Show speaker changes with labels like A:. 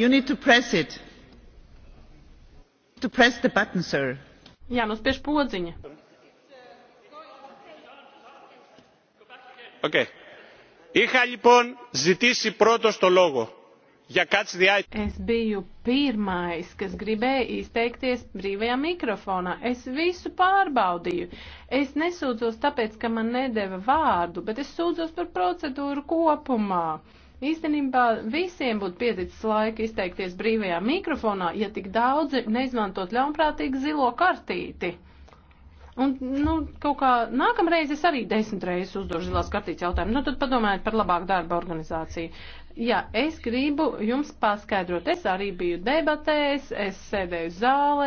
A: You need to press it. To press the button, sir.
B: Jā, nospiež nu, podziņa.
A: Okay.
C: Είχα λοιπόν ζητήσει πρώτος το λόγο. Ja kāds bija.
D: Es biju pirmais, kas gribēja izteikties brīvajā mikrofonā. Es visu pārbaudīju. Es nesūdzos tāpēc, ka man nedēva vārdu, bet es sūdzos par procedūru kopumā. Uh, Īstenībā visiem būtu pieticis laika izteikties brīvajā mikrofonā, ja tik daudzi neizmantot ļaunprātīgi zilo kartīti. Un, nu, kaut kā nākamreiz es arī desmit reizes uzdošu zilās kartītes jautājumu. Nu, tad padomājiet par labāku darba organizāciju. Jā, es gribu jums paskaidrot. Es arī biju debatēs, es sēdēju zālē.